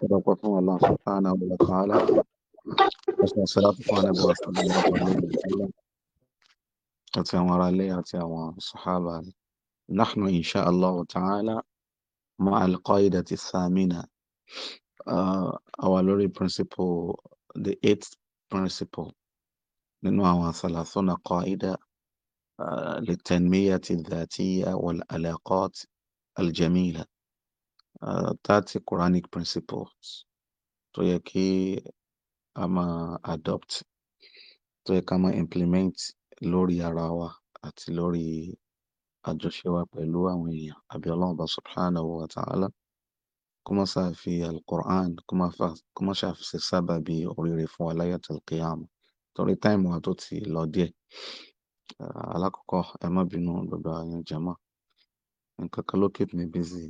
وقفهم الله سبحانه وتعالى والصلاة على نبي رسول الله صلى الله عليه وسلم أتي أمر علي أتي الصحابة نحن إن شاء الله تعالى مع القاعدة الثامنة uh, our lowly principle the eighth principle من هو ثلاثون قاعدة آه، للتنمية الذاتية والعلاقات الجميلة Ah, that's thirty Quranic principles tó yẹ kí a máa adopt tó yẹ ká máa implement lórí ara wa àti lórí àjọṣe wa pẹ̀lú àwọn èèyàn àbí ọlọ́run bá subhanahu wa ta'ala kó má ṣáà fi alukur'an kó má ṣáà fi ṣe sábàbí oríire fún wa láyé àtàlùkìyàmù torí táìmù wa tó ti lọ díẹ̀ ah, alákọ̀ọ́kọ́ ẹ má bínú gbogbo Jama. nǹkan kan ló keep me busy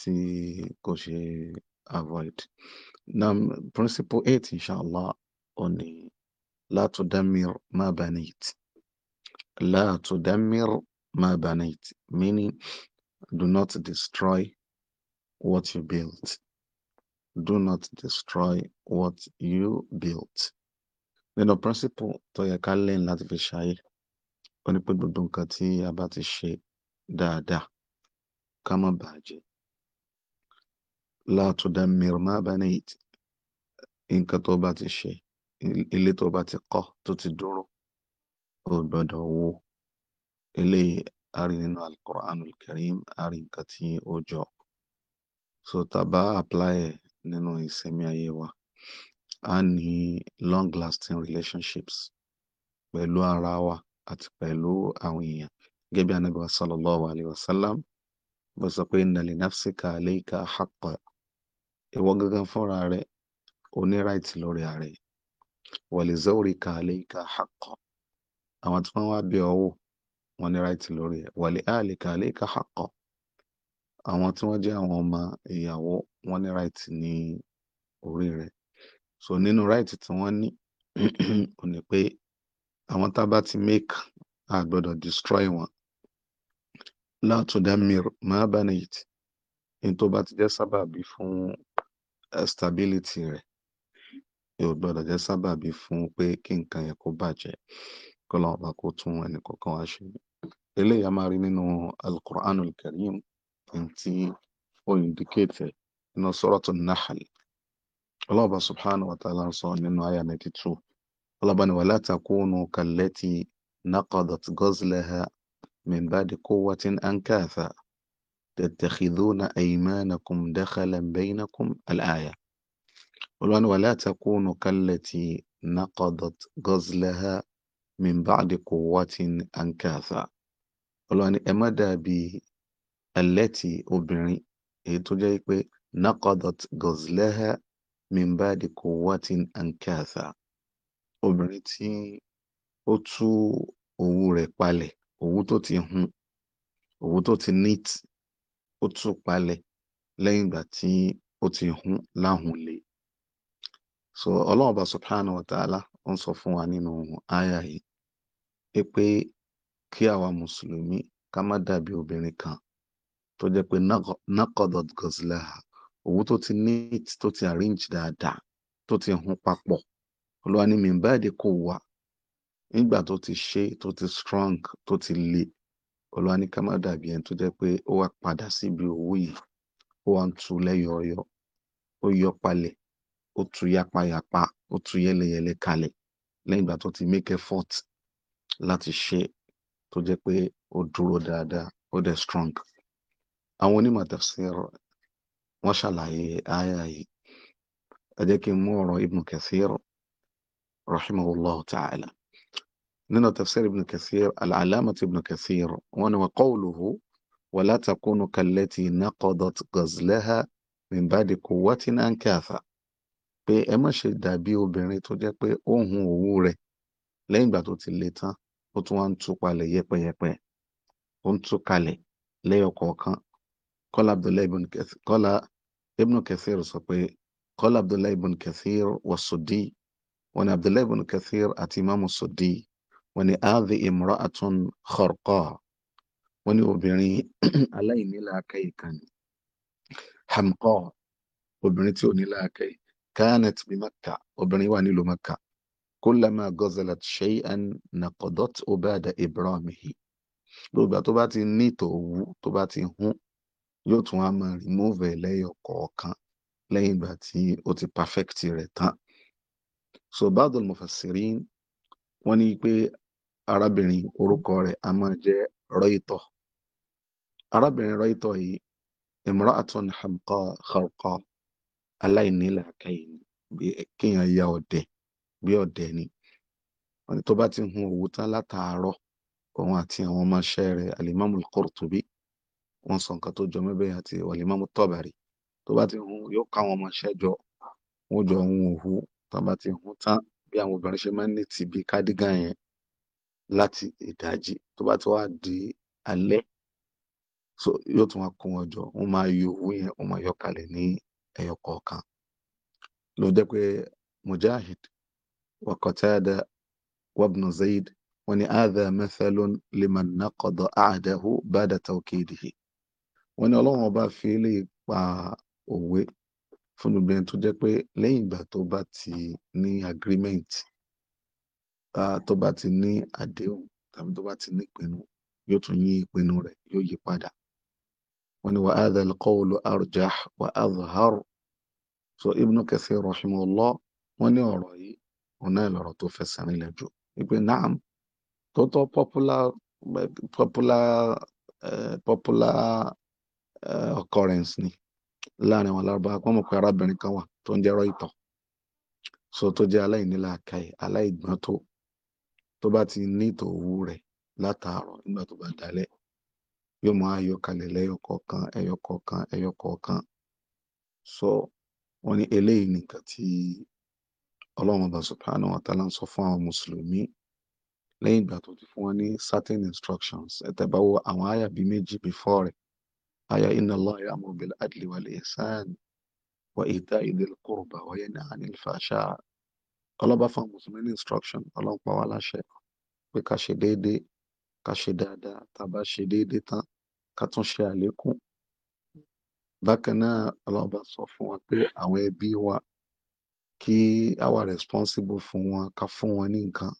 tí kò ṣe avoid. Nam principle eight inshallah òní la tudammir ma banait. La tudammir ma banait meaning do not destroy what you built. Do not destroy what you built. Nínú principle tó yẹ ká lẹ́yìn láti fi ṣayé, ó ní pé gbogbo nǹkan tí a bá ti ṣe dáadáa ká má bàjẹ́. لا تدمر ما بنيت nǹkan tó bá ti ṣe ilé tó bá ti kọ́ tó ti dúró ó gbọ́dọ̀ so tàbá apply ẹ̀ nínú ìsẹ̀mí ayé wa a ní long lasting relationships pẹ̀lú ara wa àti pẹ̀lú àwọn èèyàn gẹ́gẹ́ bí anabi wa sallallahu alayhi wa sallam bó sọ pé inna li haqqa ìwọ gangan fúnra rẹ o ní right lórí ààrẹ wàlìzọ òrìkà àlẹyìká àkọ àwọn tí wọn wá bí ọwọ wọn ní right lórí ẹ wàlẹ àlẹkà àlẹyìká àkọ àwọn tí wọn jẹ àwọn ọmọ ìyàwó wọn ní right ní orí rẹ so nínú right tí wọn ní ò pé àwọn tá ti make a destroy wọn látọdá mìíràn má bá nìyí tí n tó bá ti jẹ sábàbí fún stability rẹ̀ yóò gbọ́dọ̀ jẹ́ sábàbí fún pé kí nǹkan yẹn kó bàjẹ́ kọ́lọ́wọ́n bá kó tún ẹnì kọ̀ọ̀kan wá ṣe eléyìí a máa rí nínú alukur'an alkarim tí ó indicate nínú suratu nahal ọlọ́wọ́n bá subhanahu wa ta'ala sọ nínú aya ninety two ọlọ́wọ́n bá ní wala takunu kallati naqadat gazlaha min ba'di quwwatin ankatha. تتخذون أيمانكم دخلا بينكم الآية والآن ولا تكونوا كالتي نقضت غزلها من بعد قوة أنكاثا والآن أمدى دابي التي أبني يتجيك إيه نقضت غزلها من بعد قوة أنكاثا أبني تي أتو أوري òwú أوتو تي هم tó ti hun ó tú palẹ̀ lẹ́yìn ìgbà tí ó ti hún láhùn lé so ọlọ́run bá subhanahu wa ta'ala ó ń sọ fún wa nínú àyà yìí é pé kí àwa mùsùlùmí ká má dàbí obìnrin kan tó jẹ́ pé nakodot gozlaha òwú tó ti neat tó ti arrange dáadáa tó ti hun papọ̀ olúwa ni mìíràn báyìí kò wá nígbà tó ti ṣe tó ti strong tó ti le olúwa ní ká má dàbí ẹni tó jẹ́ pé ó wá padà síbi owó yìí ó wá ń tu lẹ́yọ̀ọ́yọ́ ó yọ palẹ̀ ó tu yapayapa ó tu yẹlẹyẹlẹ kalẹ̀ lẹ́yìn ìgbà tó ti make effort láti ṣe tó jẹ́ pé ó dúró dáadáa ó dẹ̀ strong àwọn onímọ̀ tafsir wọ́n ṣàlàyé àyà yìí ẹ jẹ́ kí n mú ọ̀rọ̀ Ibn Kathir rahimahullah ta'ala nínú tafsir ibn kathir al-alamati ibn kathir wọ́n ní wa qawluhu wala takunu kallati naqadat ghazlaha min ba'di quwwatin ankatha pé ẹ má ṣe dàbí obìnrin tó jẹ́ pé ó hun òwú rẹ̀ lẹ́yìn ìgbà tó ti le tán ó tún wá ń tú palẹ̀ yẹpẹyẹpẹ ó ń tú kalẹ̀ lẹ́yọ kọ̀ọ̀kan abdullahi ibn kathir kọ́lá ibn kathir sọ pé kọ́lá abdullahi ibn kathir wa sudi wọn ni abdullahi ibn kathir àti imaamu sudi wọ́n ní áàdì imra'atun kharqa wọ́n ní obìnrin aláìníláàkàyè kan hamqa obìnrin tí ò níláàkàyè kanat bi Makkah obìnrin wà nílùú Makkah kullama ghazalat shay'an naqadat ba'da ibramihi lóògbà tó bá ti ní ìtọ̀wú tó bá ti hún yóò tún á máa rìmúvẹ̀ lẹ́yọ kọ̀ọ̀kan lẹ́yìn ìgbà tí ó ti perfect rẹ̀ tán. so ba'dul mufassirin wọ́n ní pé arábìnrin orúkọ rẹ̀ a máa jẹ́ rọ́ìtọ̀ arábìnrin rọ́ìtọ̀ yìí imra'atun hamqa kharqa aláìní làákàyè bí kéèyàn ya ọ̀dẹ̀ bí ọ̀dẹ̀ ni wọn tó bá ti hun òwú tán látàárọ̀ òun àti àwọn ọmọọṣẹ́ rẹ̀ alimamu Qurtubi wọn sọ nǹkan tó jọ mẹbẹ àti alimamu Tabari tó bá ti hun yóò ká àwọn ọmọọṣẹ́ jọ wọn jọ hun òwú tó bá ti hun tán bí àwọn obìnrin ṣe máa ń ní tìbí kádígà yẹn láti ìdájí tó bá ti wá di alẹ́ so yóò tún wá kó wọn jọ wọn máa yọ owó yẹn wọn máa yọ kalẹ̀ ní ẹyọ kọ̀ọ̀kan ló jẹ́ pé mujahid wa qatada wa ibn zayd wọn ni hadha mathalun liman naqada ahdahu ba'da tawkidihi wọn ni ọlọ́run ọba fi lè pa òwe fún tó jẹ́ pé lẹ́yìn ìgbà tó bá ti ní agreement tó bá ti ní àdéhùn tàbí tó bá ti ní ìpinnu yóò tún yí ìpinnu rẹ̀ yóò yí padà wọ́n ní wa hadha al-qawlu arjah wa azhar so Ibn Kathir rahimahullah wọ́n ní ọ̀rọ̀ yìí òun náà lọ̀rọ̀ tó fẹsẹ̀ rinlẹ̀ jù wípé naam tó popular popular eh, popular eh, occurrence ni láàrin àwọn alárúbáwá pọ́n mọ̀ pé arábìnrin kan wà tó ń jẹ́ rọ́ ìtọ̀ so tó jẹ́ aláìníláàkàyè aláìgbọ́n tó tó bá ti ní ìtòwú rẹ̀ látàárọ̀ nígbà tó bá dalẹ̀ yóò máa yọ kalẹ̀ lẹ́yọkọ̀ọ̀kan ẹyọkọ̀ọ̀kan ẹyọkọ̀ọ̀kan sọ wọn ní eléyìí nìkan tí ọlọ́run ọba subhanahu wa ta'ala ń sọ fún àwọn mùsùlùmí lẹ́yìn ìgbà tó ti fún wọn ní certain instructions ẹ̀tẹ̀ bá wo àwọn àyà bíi méjì before rẹ̀ àyà inna Allaha ya'muru bil adli wal ihsan wa ita'i dhil qurba wa yanha 'anil fahsha'i ọlọ́ba fún àwọn mùsùlùmí ní instruction ọlọ́run pa wá láṣẹ pé ká ṣe déédéé ká ṣe dáadáa tá a bá ṣe déédéé tán ká tún ṣe àlékún bákan náà ọlọ́ba sọ fún wa pé àwọn ẹbí wa kí a wà responsible fún wọn ká fún wọn ní nǹkan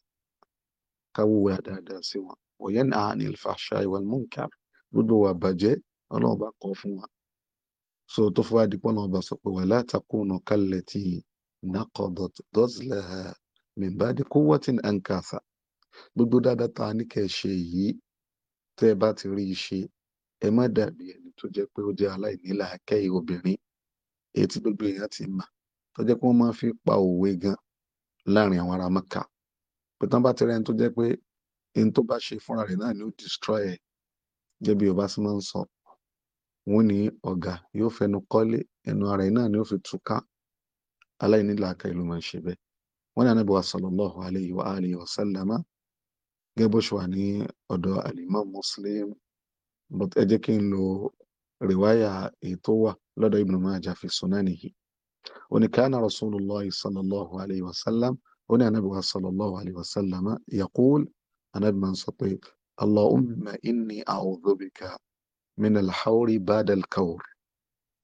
ká wúwo dáadáa sí wọn wọ̀nyẹn náà ní ìfàṣà wal munkar gbogbo wa bàjẹ́ ọlọ́run bá kọ́ fún wa so tó fún wa dípọ́ náà bá sọ pé wala takunu kallati yìí. نقضت دزلها من بعد قوة أنكاثا gbogbo dáadáa tá a ní kẹ́ ẹ ṣe yìí tẹ́ ẹ bá ti rí i ṣe ẹ má dàbí ẹni tó jẹ́ pé ó jẹ́ aláìníla akẹ́yìn obìnrin èyí tí gbogbo èèyàn ti mà tó jẹ́ pé wọ́n máa fi pa òwe gan láàrin àwọn ará Mẹ́kà pé tán bá ti rẹ́ni tó jẹ́ pé ẹni tó bá ṣe fúnra rẹ̀ náà ni ó destroy ẹ̀ jẹ́ bí Yorùbá sì máa ń sọ wọ́n ní ọ̀gá yóò fẹnu kọ́lé ẹnu ara ẹ̀ náà ni ó fi túká aláìnílàákà ìlú máa ń ṣe bẹ́ẹ̀ wọ́n wa sallallahu alayhi wa alihi wa sallama gẹ́gẹ́ wà ní alima Muslim but ẹ jẹ́ lo rìwáyà èyí tó wà lọ́dọ̀ Ibn Majah fi sunanihi wani kana rasulullahi sallallahu alayhi wa sallam wani ní wa sallallahu alayhi wa sallama yaqul anábì man sati Allahumma inni a'udhu bika min al-hawri ba'da al-kawr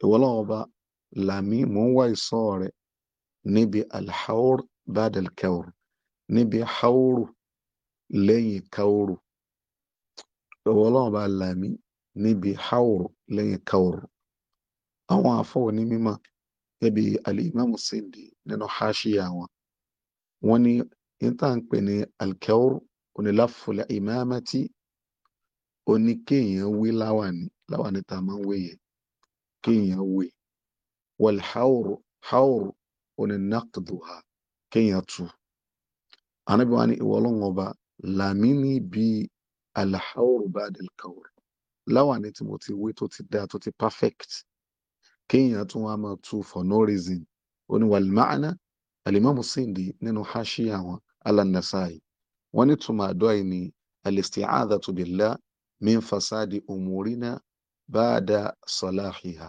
ìwọ́lọ́wọ́ làmí mò níbi alhaur badal kauru níbi hauru lẹ́yìn kauru ọwọ́ ọlọ́run bá là mí níbi hauru lẹ́yìn kauru àwọn àfọwọ́ ní mímọ́ gẹ́bí alimami sindi nínú haṣíyà wọn wọn ní níta ń pè ní alkauru oníláfọlẹ ìmáàmátì oníkéèyàn wé láwàní láwàní tá a máa ń wé yẹn kéèyàn wé wàlhauru hauru ó ní nàkàdùhà kéèyàn tu ànábì wa ní ìwọ ọlọ́run ọba làmínì bí alahawru badil kawr láwàní tí mo ti wé tó ti dáa tó ti perfect kéèyàn tún wá máa tu for no reason ó ní wàlmáàna alimamu sindi nínú haṣíyà wọn alanasai wọn ní tuma àdúrà yìí ní alisti'adhatu billah min fasadi umurina ba'da salahiha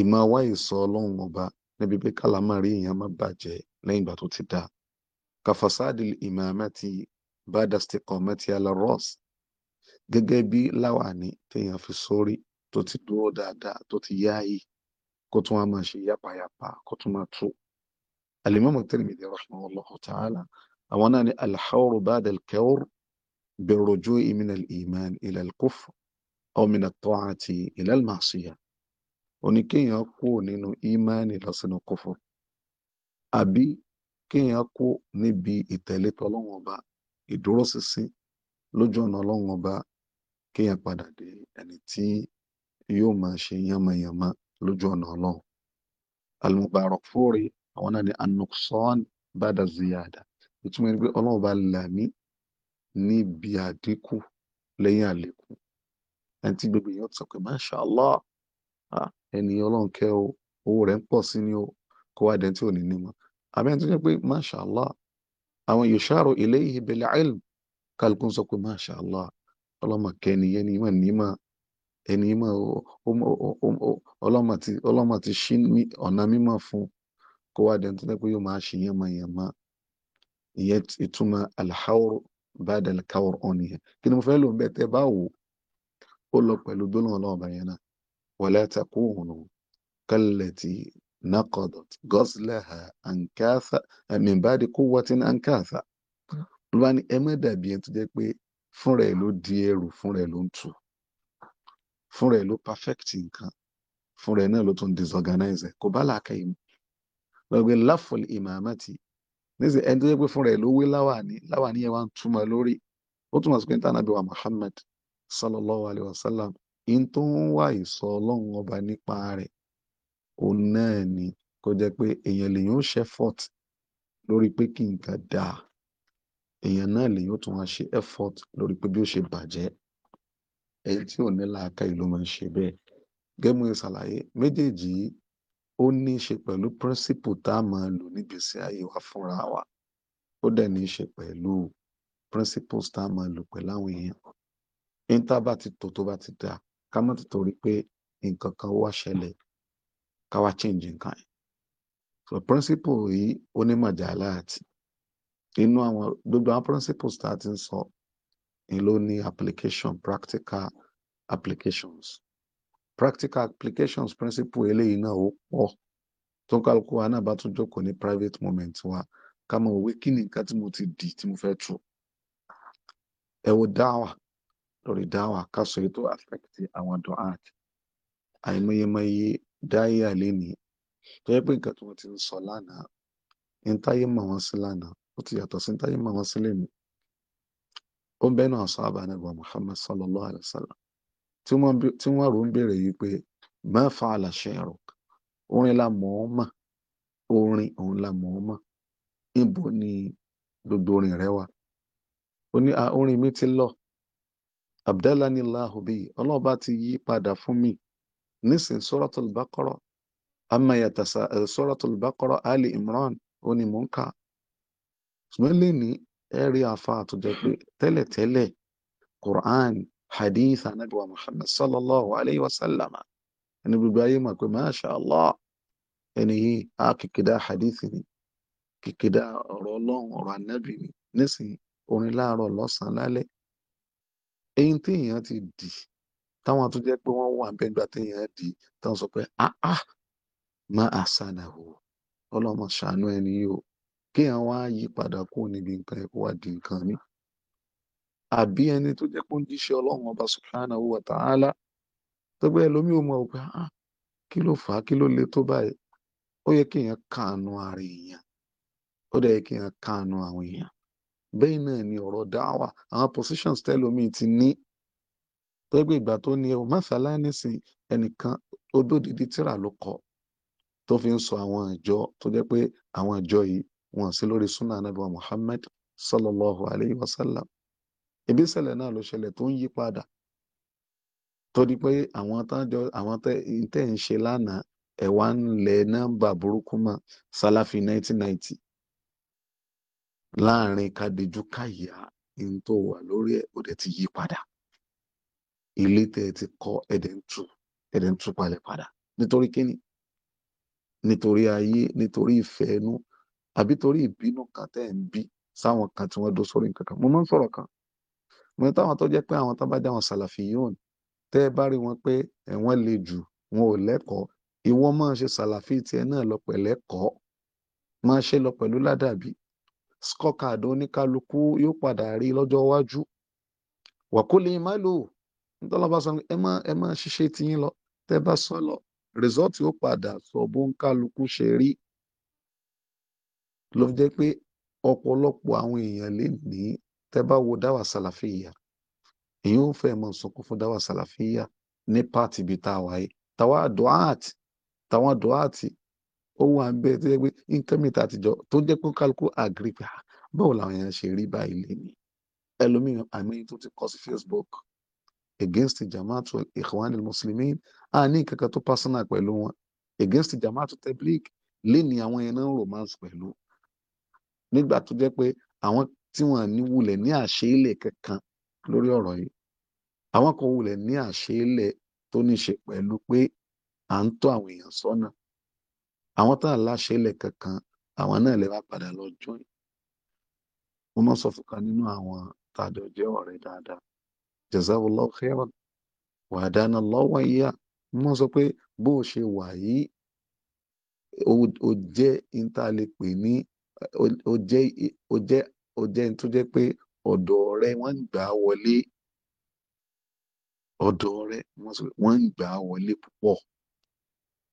ìmọ̀ wáyé sọ ọlọ́run níbi pé kálámàrí èèyàn má bàjẹ́ lẹ́yìn ìgbà tó ti dá kàfàsáàdì ìmàmẹ́tì bàdàstíkọ̀ mẹ́tì alárọ́ọ̀sì gẹ́gẹ́ bí láwàní téèyàn fi sórí tó ti dúró dáadáa tó ti yáàyè kó tún wá máa ṣe yápayápa kó tún máa tú. alimami Tirmidhi rahmanallahu ta'ala àwọn náà ni alḥawru ba'da al-kawr bi ruju'i min al-iman ila al-kufr òní kéèyàn kú nínú ìmánì lọ sínú kófò àbí kéèyàn kú níbi ìtẹ̀lé tọlọ́wọ́n ọba ìdúróṣinṣin lójú ọ̀nà ọlọ́wọ́n ọba kéèyàn padà dé ẹni tí yóò máa ṣe yánmayànmá lójú ọ̀nà ọlọ́run al-Mubarak Furi àwọn náà ni an-nuqsan bada ziyada ìtumọ̀ ẹni pé ọlọ́run bá là mí níbi àdínkù lẹ́yìn àlékún ẹni tí gbogbo èèyàn sọ pé masha Allah ah, ẹni ọlọ́run kẹ́ o owó rẹ̀ ń pọ̀ sí ni o kó wá dẹ́n tí ò ní ní mọ́ àbẹ́yẹn tó jẹ́ pé masha allah àwọn yòṣàrò ilayhi bil ilm kálukú sọ pé masha allah ọlọ́mọ kẹ́ni ẹni mọ̀ ní mọ̀ ẹni mọ̀ ọlọ́mọ ti ṣí ọ̀nà mímọ̀ fún kó wá dẹ́n tó jẹ́ pé yóò máa ṣe yẹn mọ̀ yẹn mọ̀ ìyẹn ìtumọ̀ alhawr ba'da alkawr ọ̀nìyẹn kí ni mo fẹ́ lò ń bẹ́ẹ̀ tẹ́ bá ó lọ pẹ̀lú gbólóhùn ọlọ́ọ̀bà yẹn náà ولا تكونوا كالتي نقضت غزلها أنكاثا من بعد قوة أنكاثا olùwà ni ẹ má dàbí ẹni tó jẹ́ pé fúnra ẹ̀ ló di ẹrù fúnra ẹ̀ ló ń tù fúnra ẹ̀ perfect disorganize kò bá làákà yìí mu lọ́gbẹ́ láfọ̀l ìmàmátì níṣẹ́ ẹni tó in tó ń wá ìsọ ọlọ́run ọba nípa rẹ̀ òun náà ni kó jẹ́ pé èèyàn lèyàn ó ṣe effort lórí pé kí nǹkan dáa èèyàn náà lèyàn ó tún wá ṣe effort lórí pé bí ó ṣe bàjẹ́ ẹni tí ò ní làákàyè ló máa ń ṣe bẹ́ẹ̀ gẹ́gẹ́ mo méjèèjì yìí ó ní í ṣe pẹ̀lú píríncípù tá a máa lò nígbèésí ayé wa fúnra wa ó dẹ̀ ní í ṣe pẹ̀lú principles tá a máa lò pẹ̀lú àwọn èèyàn ní ti tò tó bá ti dáa ká má tó torí pé nǹkan kan wá ṣẹlẹ̀ ká wá change nǹkan yẹn so principle yìí ó ní màjàlá àti inú àwọn gbogbo àwọn principles tá a ti ń sọ ni ló ní application practical applications practical applications principle eléyìí náà ó pọ̀ tó ń kálukú wa náà bá tún jókòó ní private moment wa ká mọ̀ wí kí ni nǹkan tí mo ti dì tí mo fẹ́ tù ẹ wo dáwà lórí dáwà ká sọ èyí tó àfẹ́kìtì àwọn dùn áàtì àìmọyemọye dáyà lénìí tó yẹ pé nǹkan tí wọ́n ti ń sọ lánàá ní táyé mọ̀ wọ́n sí lánàá ó ti yàtọ̀ sí táyé mọ̀ wọ́n sí lèmi ó ń bẹ́nu àṣọ àbánibọ̀ Muhammad sallallahu alayhi wa sallam tí wọ́n rò ń béèrè yìí pé má àlàṣẹ ẹ̀rọ orin la mọ̀ ọ́ mà orin òun la mọ̀ ọ́ mà níbo ni gbogbo orin rẹ wà ó ní orin mi ti lọ abdalani allahu bi ọlọ́ọ̀bá ti yí padà fún mi nísìn suratul baqara amma yatasa eh, suratul baqara ali imran ó ní mò ń kà ṣùgbọ́n lẹ́ni ẹ rí afa àtúnjẹ pé tẹ́lẹ̀tẹ́lẹ̀ quran hadith anabi wa muhammad sallallahu alayhi wa sallam ẹni gbogbo ayé mọ̀ pé masha allah ẹni yìí a kìkìdá hadith ni kìkìdá ọ̀rọ̀ ọlọ́run ọ̀rọ̀ anabi ni nísìn orin láàárọ̀ lọ́sàn-án lálẹ́ Ẹyin téèyàn ti dì, táwọn tó jẹ́ pé wọ́n wà ńbẹ̀ téèyàn dì í, sọ pé háà! Má ahsanahu, Ọlọ́run mà ṣàánú ẹni o. Kéèyàn wá yípadà kúrò níbi nǹkan yẹn kó wá di nǹkan míì. Àbí ẹni tó jẹ́ pé ó ń jíṣẹ́ Ọlọ́run Ọba subhanahu wa ta'ala, tó jẹ́ pé ẹlòmíì ó máa wò pé háà! Kí ló fà á? Kí ló le tó báyìí? Ó yẹ kéèyàn káàánú ara èèyàn, ó dẹ̀ yẹ kéèyàn káàánú àwọn èèyàn bẹ́ẹ̀ náà ni ọ̀rọ̀ dáwà àwọn positions tẹ́lómi ti ní tẹ́gbẹ́ ìgbà tó ní ẹ̀wọ̀n mọ́sálá nísìn ẹnìkan odódìdí tíra ló kọ tó fi ń sọ àwọn ìjọ tó jẹ́ pé àwọn ìjọ yìí wọ́n sí lórí sunnah anabi wa Muhammad sallallahu alayhi wa sallam ibi ìṣẹ̀lẹ̀ náà ló ṣẹlẹ̀ tó ń yí padà tó di pé àwọn tájọ àwọn tẹ́ ń ṣe lánàá ẹ̀wà ń lẹ̀ nọ́mbà burúkú mọ́ sálàfì 1990 láàrin kádìjú káyà ní tó wà lórí ẹ̀ ó dẹ̀ ti yí padà ilé tẹ́ ẹ ti kọ́ ẹ̀dẹ̀ ń tú ẹ̀dẹ̀ ń tú palẹ̀ padà nítorí kíni nítorí ayé nítorí ìfẹ́ inú àbí torí ìbínú kan tẹ́ ẹ ń bí sáwọn kan tí wọ́n dó sórí nǹkan kan mo máa ń sọ̀rọ̀ kan mo táwọn tó jẹ́ pé àwọn tó bá jẹ́ àwọn sàlàfíyùn tẹ́ ẹ bá rí wọn pé ẹ̀wọ̀n le jù wọn ò lẹ́kọ̀ọ́ ìwọ máa ṣe sàlàfí tiẹ̀ náà lọ pẹ̀lẹ́kọ̀ọ́ máa ṣe lọ pẹ̀lú ládàbí scorecard oníkálukú yóò padà rí lọ́jọ́ iwájú wàkúlì ìmálò nítọ́lọ́bá sọ ẹ má ẹ má ṣiṣẹ́ tiyín lọ tẹ́ bá sọ lọ rìsọ́ọ̀tì ó padà sọ bó ń kálukú ṣe rí ló jẹ́ pé ọ̀pọ̀lọpọ̀ àwọn èèyàn lè ní tẹ́ bá wo dáwà sàlàfíà èyí ò fẹ́ mọ̀ sọkún fún dáwà sàlàfíà ní pàtì ibi tá a wáyé táwọn àdúrà àti táwọn àdúrà àti ó wà bẹ́ẹ̀ tó jẹ́ pé nǹkan mìta àtijọ́ tó jẹ́ pé kálukú àgírí pé ah, báwo làwọn èèyàn ṣe rí báyìí lé ní ẹlòmíràn àmì tó ti kọ sí Facebook against jamaatu ikhwanil muslimin a ní kankan tó personal pẹ̀lú wọn against jamaatu tabligh lé ní àwọn yẹn náà romance pẹ̀lú nígbà tó jẹ́ pé àwọn tí wọ́n ní wulẹ̀ ní àṣeélẹ̀ kankan lórí ọ̀rọ̀ yìí àwọn kan wulẹ̀ ní àṣeélẹ̀ tó ní ṣe pẹ̀lú pé à ń tọ́ àwọn èèyàn sọ́nà àwọn tá a láṣẹ lẹ kankan àwọn náà lè bá padà lọ join mo máa sọ fún kan nínú àwọn tàjọ jẹ ọ̀rẹ́ dáadáa jazakallahu khairan wàdánà lọ́wọ́ ìyá mo máa sọ pé bó o ṣe wà yìí o jẹ intalepè ní o jẹ o jẹ o jẹ tó jẹ pé ọ̀dọ̀ rẹ wọn ń gbà wọlé ọ̀dọ̀ rẹ wọn ń gbà wọlé púpọ̀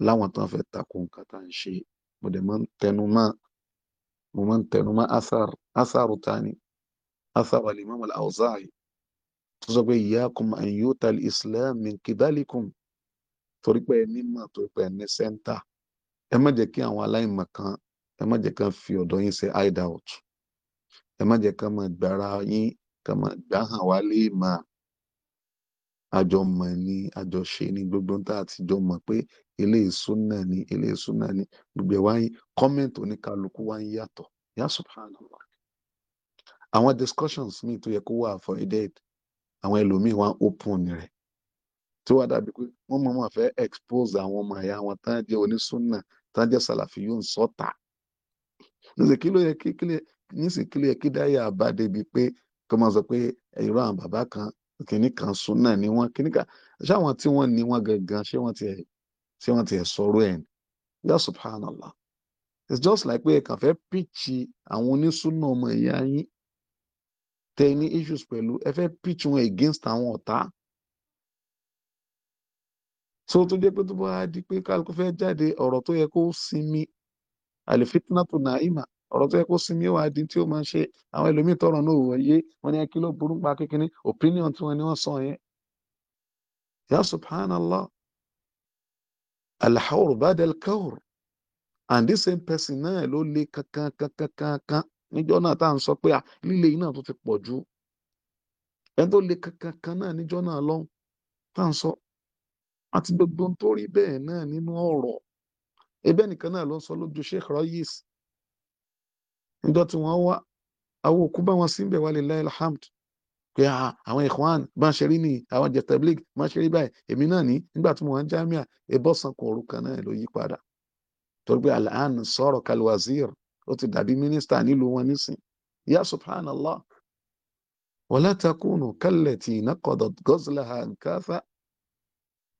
láwọn tán fẹ́ takò nǹkan tá à ń ṣe mo dẹ̀ máa ń tẹnu mọ́ mo máa ń tẹnu mọ́ asaru asaru tani asaru alimami al-Awza'i tó sọ pé iyyakum an yu'ta al-islam min kibalikum torí pé ẹni mà torí pé ẹni sẹ́ńtà ẹ má jẹ́ kí àwọn aláìmọ̀ kan ẹ má jẹ́ kán fi ọ̀dọ̀ yín ṣe hideout ẹ má jẹ́ kán máa gbára yín kán máa gbá hàn wá máa àjọ mọ̀ ni àjọ ṣe ni gbogbo tá a ti jọ mọ̀ pé eléyìí súnà ni eléyìí súnà ni gbogbo ẹ̀ wá kọ́mẹ̀ntì oníkálukú wá yàtọ̀ yà subhanallah àwọn discussions míì tó yẹ kó wà avoided àwọn ẹlòmíì wá ń open rẹ̀ tí wàá dàbí pé wọ́n mọ̀ wọ́n fẹ́ expose àwọn ọmọ ẹ̀yà wọn tán jẹ́ onísúnà tán jẹ́ sàlàfíyùn sọ́tà níṣẹ́ kí ló yẹ kí níṣẹ́ kí ló yẹ kí dáyà bá débi pé kọ́mọ sọ pé irú bàbá kan kìnnì kan súnà ni wọn kìnnì kan ṣé àwọn tí wọn ní wọn gangan ṣé wọn ti ẹ ṣé wọn ti ẹ ẹ ni yà subhanallah it's just like pé kàn fẹ́ píìchì àwọn onísúnà ọmọ ìyá yín tẹ ní issues pẹ̀lú ẹ fẹ́ píìchì wọn against àwọn ọ̀tá so tó jẹ́ pé tó bá di pé kálukú fẹ́ jáde ọ̀rọ̀ tó yẹ kó sinmi àlè fitinatu naima ọ̀rọ̀ tó yẹ kó sinmi ó wá di tí ó máa ń ṣe àwọn ẹlòmíì tọrọ náà ò wọ̀nyé wọn ni ẹ kí ló burú pa kékeré opinion tí wọn ni wọn sọ yẹn. ya subhanallah alhawr badal kawr and this same person náà ló le kankan kankan kankan níjọ́ náà tá à ń sọ pé líle yìí náà tó ti pọ̀ jù ẹni tó le kankan kan náà níjọ́ náà lọ́hùn tá à ń sọ àti gbogbo ohun tó rí bẹ́ẹ̀ náà nínú ọ̀rọ̀ ẹbẹ́ nìkan náà ló ń sọ lójú Sheikh Rayis níjọ́ tí wọ́n wá àwọn òkú bá wọn sí bẹ̀ wálé láì alhamd pé ah, àwọn ikhwan bá ń ṣe rí nìyí àwọn jẹtẹblik bá ń ṣe rí báyìí èmi náà ní nígbà tí mo wà ń jámíà ìbọ̀sán kò orúkọ náà ló yí padà torí pé alhan sọ̀rọ̀ kalwazir ó ti dàbí mínísítà nílùú wọn nísìn ya subhanallah wala takunu kallati naqadat ghazlaha ankatha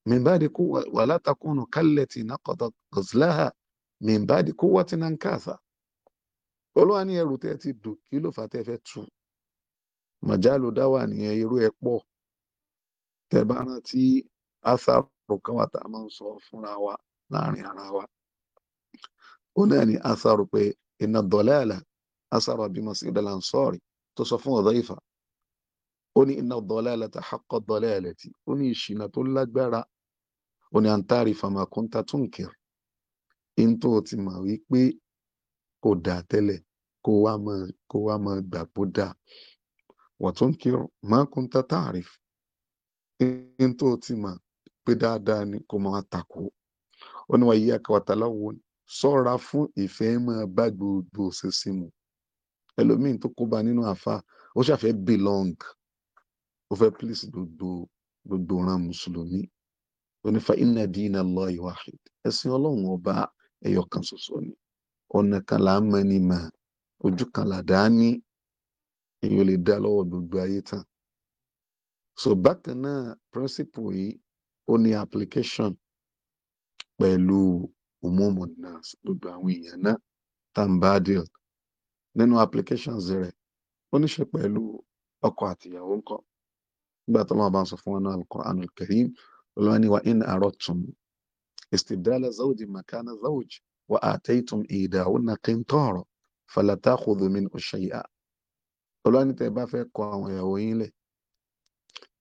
min ba'di quwwa wala takunu kallati naqadat olúwa ní ẹrù tẹ́ ti dùn kí ló fà tẹ́ fẹ́ tú màjálù dáwà nìyẹn irú ẹ̀ pọ̀ tẹ́ bá rántí asaro kan wà tá a máa ń sọ fúnra wa láàrin ara wa ó náà ní asaro pé iná dọ̀lẹ́ẹ̀lẹ̀ asaro bímọ sí ìdálà ń sọ̀rí tó sọ fún ọ̀dọ́ ìfà ó ní iná dọ̀lẹ́ẹ̀lẹ̀ tá àkọ́ dọ̀lẹ́ẹ̀lẹ̀ tí ó ní ìṣìnà tó lágbára ó ní àǹtárì fàmàkúntà túnkìr in tó ti mọ̀ wípé kò dáa tẹ́lẹ̀ kó wá mọ kó wá mọ gbà kó dáa wọ̀tún kírun máa kún tata àríf ní tó ti mọ̀ pé dáadáa ni kò máa takò ó ní wàá yí akọ̀wàtàlá wo sọ́ra fún ìfẹ́ máa bá gbogbo ṣèṣì mu ẹlòmíín tó kóbá nínú àfa ó ṣàfẹ́ belong ó fẹ́ please gbogbo gbogbo ran mùsùlùmí ó ní fa inna dina Allahi wahid ẹ̀sìn ọlọ́run ọba ẹ̀yọ̀kan ṣoṣo ni ọ̀nà kan là ń mẹ́ni mọ̀ ojú kan là dá ní èèyàn lè dá lọ́wọ́ gbogbo ayé tán so bákan náà principle yìí ó ní application pẹ̀lú umumu nas gbogbo àwọn èèyàn náà tá n nínú applications rẹ̀ ó ní ṣe pẹ̀lú ọkọ àtìyàwó ńkọ́ nígbà tó máa bá ń sọ fún wọn náà al-Qur'an al-Karim wa in aradtum istibdala zawji makana zawji wa ataytum ìdáhùnà qintara fala takhudhu minhu shay'a olùwàní tẹ́ bá fẹ́ kọ àwọn ìyàwó yín lẹ̀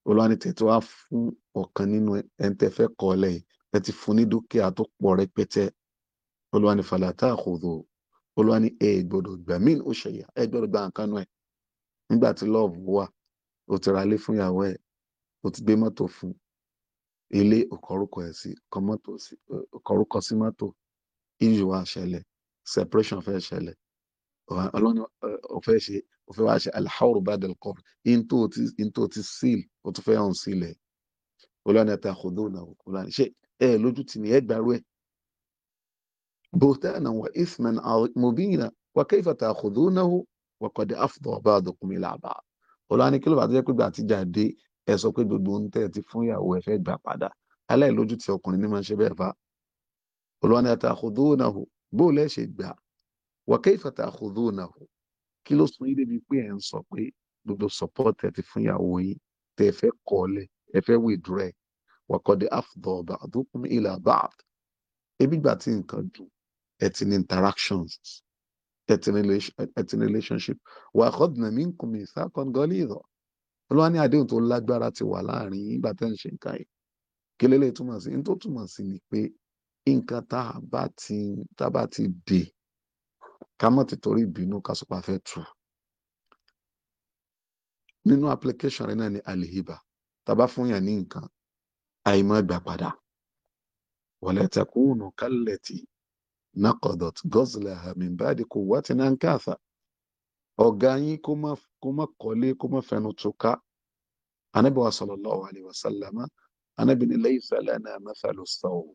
olùwàní tẹ́ tí wàá fún ọ̀kan nínú ẹni tẹ́ fẹ́ kọ lẹ̀ ẹ ti fún ní dúkìá tó pọ̀ rẹpẹtẹ olùwàní fala takhudhu olùwàní ẹ gbọ́dọ̀ gbà minhu shay'a ẹ gbọ́dọ̀ gbà nǹkan nù ẹ nígbà tí love wà ó ti ra ilé fún ìyàwó ẹ ó ti gbé mọ́tò fún ilé òkọrúkọ injury wa ṣẹlẹ̀ separation fẹ́ ṣẹlẹ̀ ọlọ́ni ọ̀fẹ́ ṣe ọ̀fẹ́ wa ṣe alḥawru badal qabr into ti seal o tún fẹ́ hàn sílẹ̀ ọlọ́ni ẹ̀ta kòdó náà ọlọ́ni ṣe ẹ lójú tì ní ẹ gbàrú ẹ. بهتانا وإثما مبينا وكيف تأخذونه وقد أفضى بعضكم إلى بعض ọlọ́ni kí ló bá tó jẹ́ pé gbà tí jáde ẹ sọ pé gbogbo ń tẹ̀ ti fún ìyàwó ẹ fẹ́ gbà padà aláìlójútì ọkùnrin ní máa ń ṣe bẹ́ẹ̀ fa olùwà ni àtàkùdúnàhù bóò lẹ ṣe gbà wa kayfa ta'khudhunahu kí ló sún yín débi pé ẹ ń sọ pé gbogbo support ẹ ti fún ìyàwó yín tẹ ẹ fẹ́ kọlẹ ẹ fẹ́ withdraw ẹ wa qad afdha ba'dukum ila ebi gbà tí nǹkan dùn ẹ ti ní interactions ẹ ti ní relationship wa akhadna minkum mithaqan ghalidha olúwa ní àdéhùn tó lágbára ti wà láàrin yín ìgbà tẹ́ ń ṣe nǹkan yìí kí lélẹ́yìí túmọ̀ sí ní tó túmọ̀ sí ni pé nǹkan tá a bá ti tá a bá ti dè ká má ti torí ìbínú ká sọ pé a fẹ́ tú nínú application rẹ náà ni alihiba tá a bá fún yàn ní nǹkan àìmọ́ gbà padà wala takunu kallati naqadat ghazlaha min ba'di quwwatin ankatha ọ̀gá yín kó má kọ́lé kó má fẹnu túká anábìwá sallallahu alaihi wasallam anábìnrin laysa lana mathalu as-sawm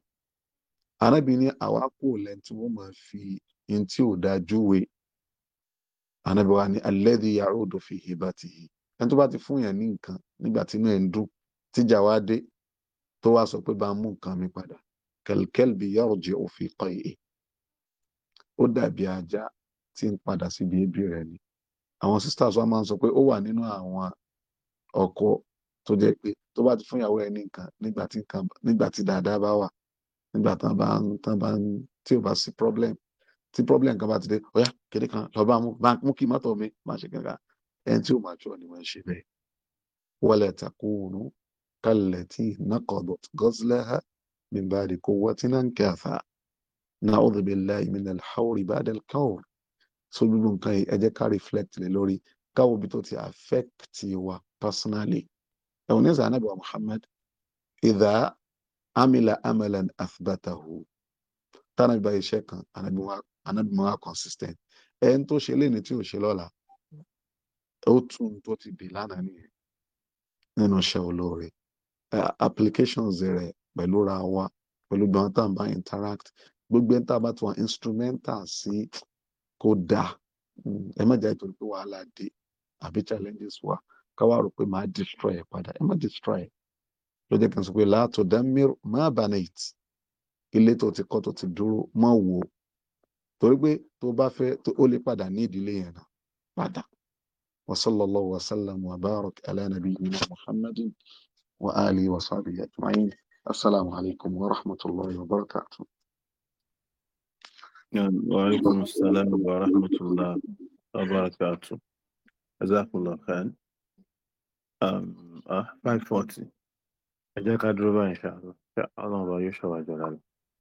arábìnrin àwa kò lẹ́ni tí wọ́n máa fi in tí ò dáa júwe ànábì wa ni alẹ́dí yàrá odò fi hìbá ti hì ẹni tó bá ti fún yàn ní nǹkan nígbà tí inú ẹ̀ ń dùn tíjà wá dé tó wá sọ pé bá mú nǹkan mi padà kẹlkẹlbi yàrá jẹ òfin kọ èyí ó dàbí ajá tí ń padà síbi ebi rẹ̀ ni àwọn sisters wa máa ń sọ pé ó wà nínú àwọn ọkọ tó jẹ́ pé tó bá ti fún ìyàwó ẹ̀ ní nǹkan nígbà tí dáadáa bá wà nígbà tán bá tán bá tí ò bá sí problem tí problem kan bá ti dé ọ̀yá kéde kan lọ bá mú mú kí mọ́tò mi máa ṣe kankan ẹni tí ò máa jọ ni wọ́n ṣe bẹ́ẹ̀. wala takunu kallati naqadat ghazlaha min ba'di quwwatin ankatha na'udhu billahi minal hawri ba'dal kawr so gbogbo nǹkan yìí ẹ jẹ́ ká reflect lé lórí káwo bí tó ti affect wa personally ẹ̀wọ̀n ní amila amalan athbatahu tánàbí bá iṣẹ́ kan anábì máa consistent ẹni tó ṣe léni tí ò ṣe lọ́la ó tún tó ti dì lánàá nìyẹn nínú iṣẹ́ olóore applications rẹ̀ pẹ̀lú ra wa pẹ̀lú bí wọ́n tàn bá interact gbogbo ẹni tá a bá tún wá instrumental sí kó dáa ẹ má jẹ́ ìtòrí pé wàhálà dé àbí challenges wà ká wá rò pé màá destroy ẹ̀ padà ẹ má destroy ló jẹ́ kí n sọ pé látò dámir má banait ilé tó ti kọ́ tó ti dúró mọ́ wò torí pé tó bá fẹ́ tó ó lè padà ní ìdílé yẹn náà padà وصلى الله وسلم وبارك على نبينا محمد وآله وصحبه أجمعين السلام عليكم ورحمة الله وبركاته وعليكم السلام ورحمة الله وبركاته جزاك الله خير um, uh, 540 ẹ jẹ́ ká dúró báyìí ṣáà ọlọ́run ọba yóò ṣọ̀wájú ọ̀la